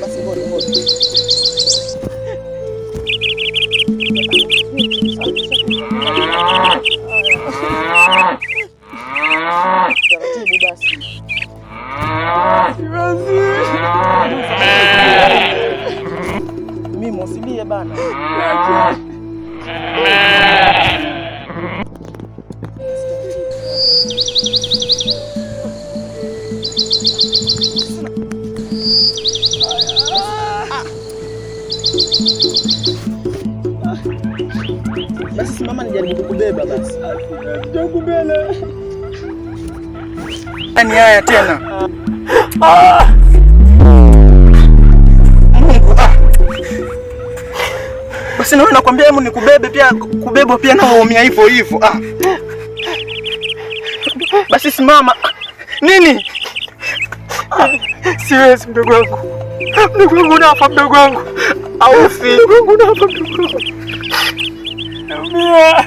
Basi, hol, hol. Simama nijaribu kukubeba basi. Jongo mbele. Yaani haya tena. Ah. Mungu. Basi na nakwambia hebu nikubebe pia kubebwa pia na waumia hivyo hivyo. Ah. Basi simama. Nini? Ah. Siwezi mdogo wangu. Mdogo wangu unafa mdogo wangu. Au mdogo wangu unafa mdogo wangu. Naumia.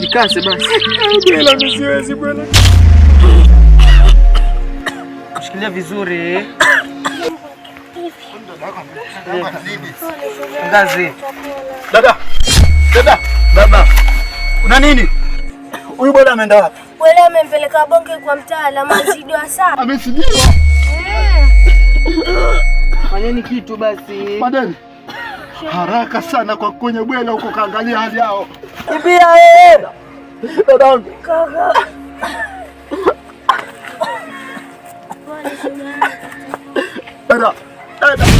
Nikase basi. Bila nisiwezi bwana. Kushikilia vizuri. Ngazi. Dada. Dada. Baba. Una nini? Huyu bwana ameenda wapi? Wale amempeleka bonge kwa mtaalamu amezidiwa sana. Eh. Fanyeni kitu basi. Madeni. Haraka sana kwa kwenye bwela huko kaangalia hali yao. Kimbia wewe. Dadangu. Kaka. Dada. Dada.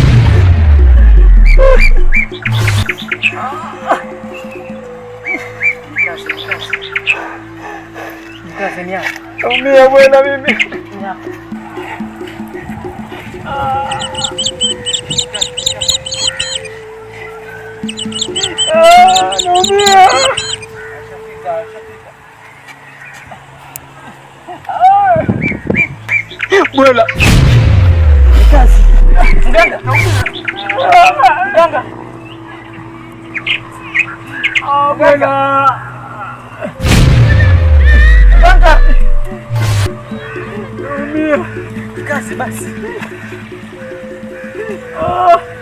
Umia bwana mimi. Ah, não vi! Deixa eu pegar, deixa eu pegar. Mano! Lucas! Ganga! Ganga! Oh, Ganga! Ganga! Não vi! Lucas, vai! Oh!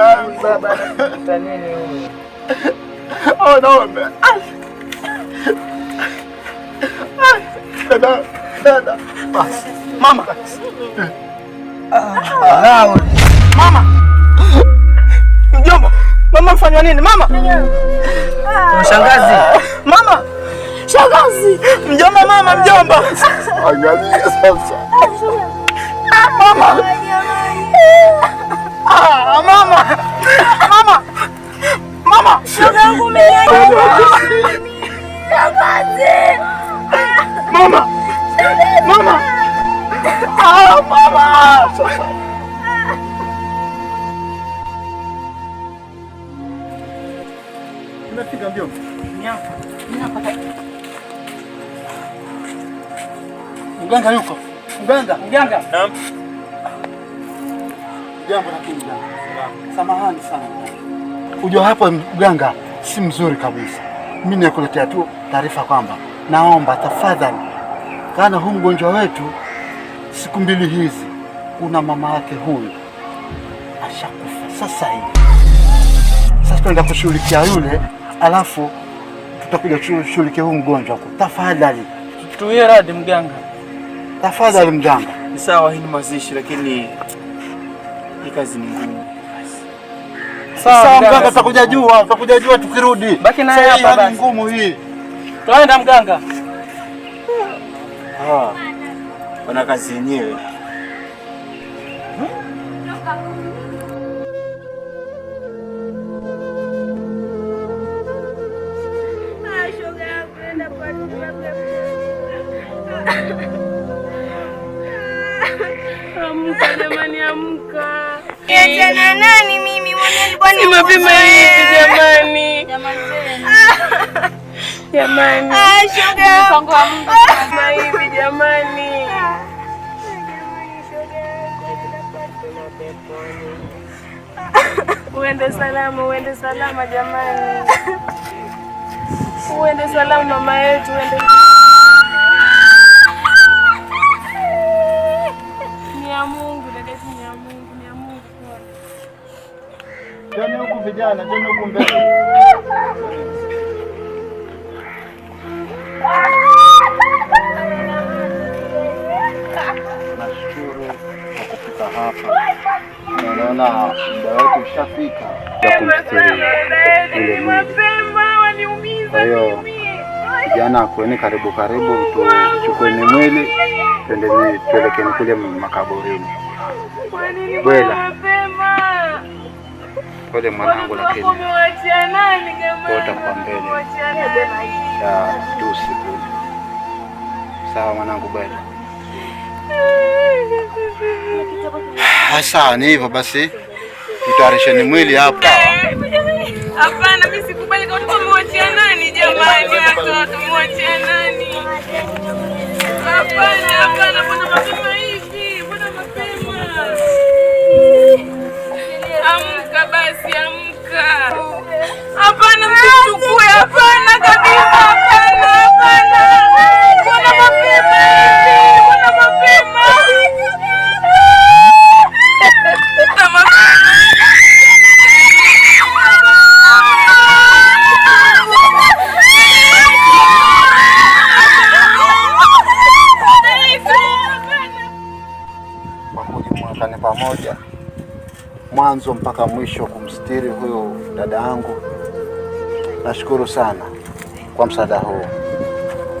Mama, mjomba, mama mfanywa nini mama? Shangazi. Mama. Shangazi. Mjomba mama mjomba. Angalia sasa. Mama. Mganga yuko. Mganga. Mganga. Naam. Jambo lakini mganga. Samahani sana. Ujua hapo mganga si mzuri kabisa. Mimi nakuletea tu taarifa kwamba naomba tafadhali, kana huu mgonjwa wetu siku mbili hizi kuna mama yake huyu ashakufa sasa hivi. Sasa tunaenda kushughulikia yule, alafu tutakuja kushughulikia huyu mgonjwa. Tafadhali tutumie radi mganga. Tafadhali mganga. Ni sawa, hii ni mazishi lakini hii kazi ni ngumu. Sawa mganga, tutakuja jua, tutakuja jua tukirudi. Baki naye hapa basi. Ngumu hii. Tunaenda mganga. Ah. Bwana kazi yenyewe. Amka jamani, amka. Niachana nani mimi mwenyewe? Mapema hivi jamani, jamani, ah, mapema hivi jamani. Uende salama, uende salama jamani, uende salama mama yetu, uende Twende huku vijana, twende huku mbele. Nashukuru kwa kufika hapa, naona muda wetu ushafika ya Kwa hiyo vijana, akueni karibu karibu, tuchukueni mwili tuelekeni kule makaburini bwela pole mwanangu, lakini utakuwa mbele ya tusi kule. Sawa mwanangu, bwana. Sawa, ni hivyo basi, tutayarisheni mwili hapa. Eh, hapana, mimi sikubali. Mwachia nani jamani? Watoto mwachia nani? Hapana, hapana. pamoja mwanzo mpaka mwisho kumstiri huyu dada yangu. Nashukuru sana kwa msaada huu,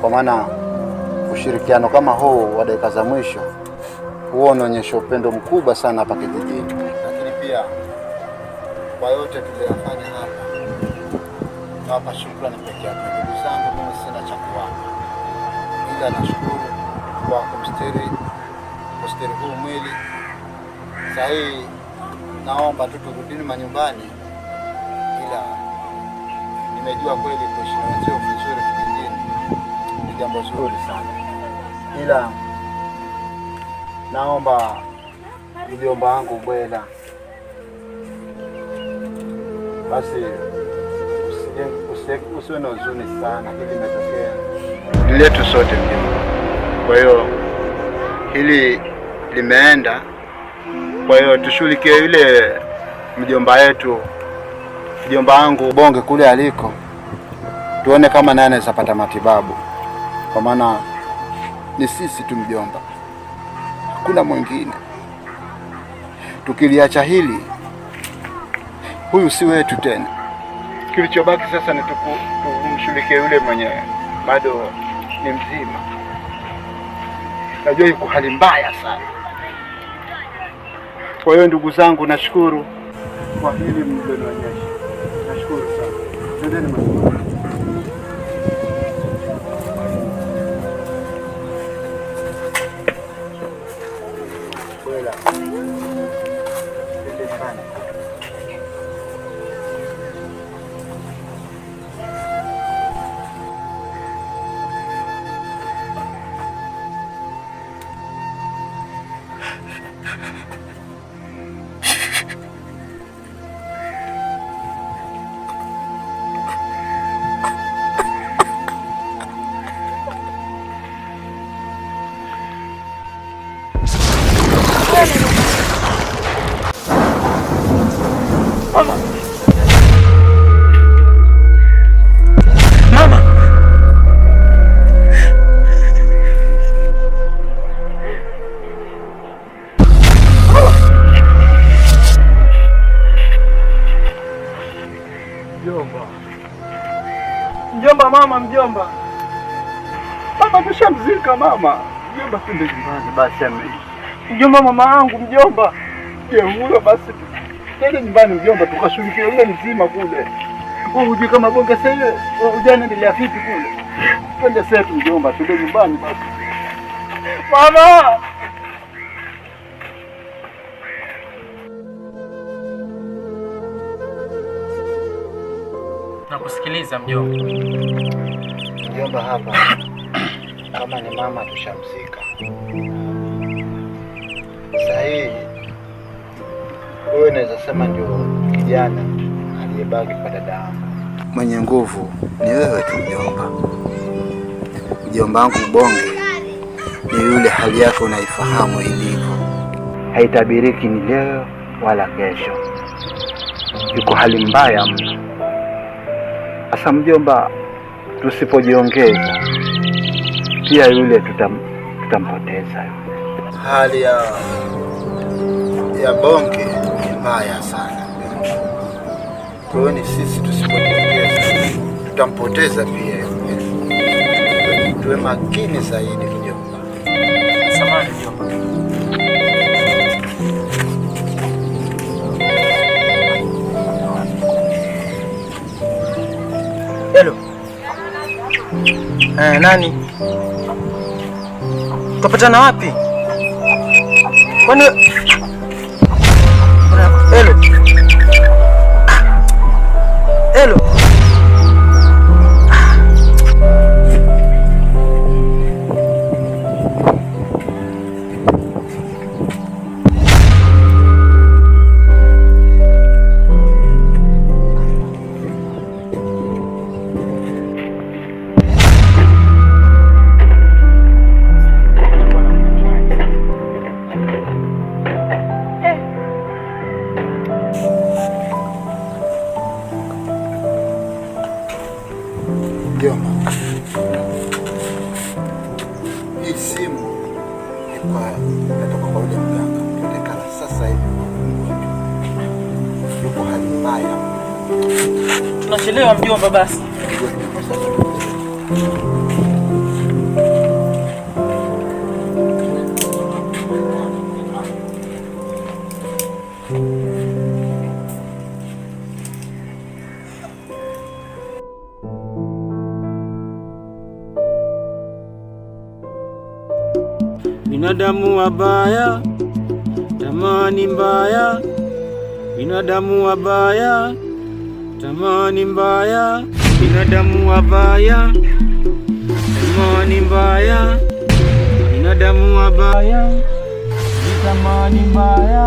kwa maana ushirikiano kama huu wa dakika za mwisho huo unaonyesha upendo mkubwa sana hapa kijijini, lakini pia kwa yote tuliyofanya hapa nawapa shukrani peke yake. Ndugu zangu, mimi sina cha kuwapa, ila nashukuru kwa kumstiri, kustiri huu mwili sahii naomba tu turudini manyumbani, ila nimejua kweli kushinacio vizuri kijijini ni jambo zuri sana, ila naomba mjomba wangu Bwela, basi usiwe na huzuni sana, hili imetokea ni letu sote mjomba. Kwa hiyo hili limeenda kwa hiyo tushughulikie yule mjomba wetu, mjomba wangu bonge kule aliko, tuone kama naye anaweza pata matibabu, kwa maana ni sisi tu mjomba, hakuna mwingine. Tukiliacha hili, huyu si wetu tena. Kilichobaki sasa ni tukumshughulikie yule mwenye bado ni mzima, najua yuko hali mbaya sana. Kwa hiyo ndugu zangu, nashukuru kwa hili mlilonionyesha, nashukuru sana. mama mjomba. Mama tushamzika mama. Mjomba twende nyumbani basi ameisha. Mjomba mama yangu mjomba. Ye huyo basi twende nyumbani mjomba tukashughulikia yule mzima kule. Wewe hujui kama bonge sasa ujana ndio vipi kule. Twende setu mjomba twende nyumbani basi. Mama! Sikiliza mjomba, mjomba hapa kama ni mama tushamzika sahihi. Wewe unaweza sema ndio kijana aliyebaki kwa dada yangu. Mwenye nguvu ni wewe tu mjomba. Mjomba wangu Bonge ni yule, hali yako unaifahamu ilivyo, haitabiriki ni leo wala kesho, yuko hali mbaya mno. Sasa mjomba, tusipojiongeza pia yule tutam, tutampoteza. Hali ya, ya Bonke ni mbaya sana, kwa hiyo ni sisi tusipojiongeza tutampoteza pia. Tuwe makini zaidi mjomba. Samahani mjomba. Eh, nani? Tupatana wapi? Kwani Unajua mama, hii simu natoka kwa yule mganga sasa hivi, yuko hali mbaya. Tunachelewa mjomba, basi binadamu wabaya, tamani mbaya, binadamu wabaya, tamani mbaya, binadamu wabaya, tamani mbaya, binadamu wabaya, tamani mbaya,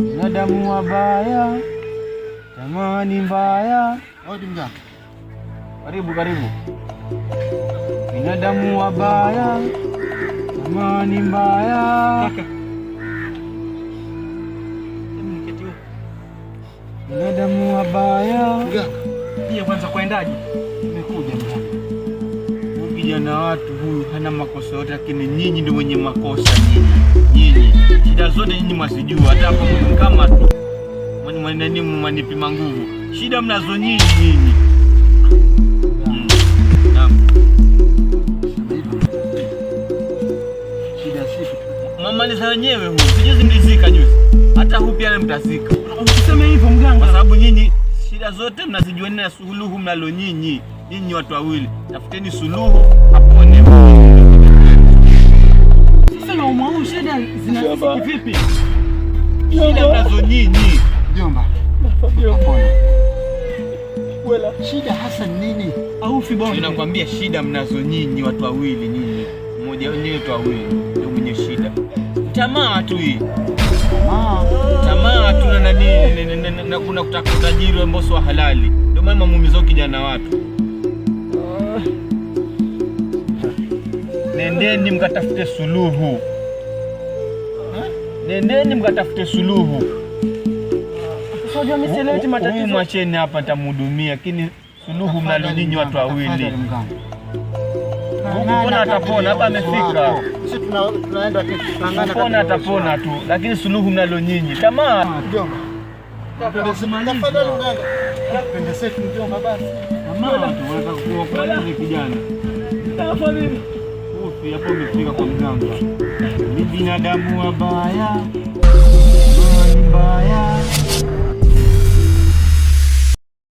binadamu wabaya, tamaa mbaya. Karibu, karibu, binadamu wabaya Amani mbaya. Binadamu wabaya. Pia kwanza kuendaje? Nimekuja mjana. Kijana watu huyu hana makosa yote, lakini nyinyi ndio wenye makosa nyinyi. shida zote nyinyi mwasijua hata hapo kama tu. mwanipima nguvu. Shida mnazo nyinyi nyinyi. hata huu pia mtazika. Usiseme hivyo mganga, kwa sababu nyinyi shida zote mnazijua na suluhu mnalo nyinyi. Nyinyi watu wawili, tafuteni suluhu apone. Sasa na shida zinazidi vipi? Shida mnazo nyinyi. Jomba. shida hasa nini? Au fibonge. Ninakwambia shida mnazo nyinyi watu wawili nyinyi. Mmoja watu wawili ndio mwenye shida. Tamaa tu hii tamaa tuna nani na kuna kutaka utajiri ambao sio halali, ndio maana mumizo kijana watu. Nendeni mkatafute suluhu, nendeni mkatafute suluhu. Huyu mwacheni hapa, nitamuhudumia, lakini suluhu mnalo nyinyi watu wawili. Mungu atapona, hapa amefika. Sisi tunaenda tukangana, pona atapona tu, lakini suluhu mnalo nyinyi. Tamaa binadamu wabaya mbaya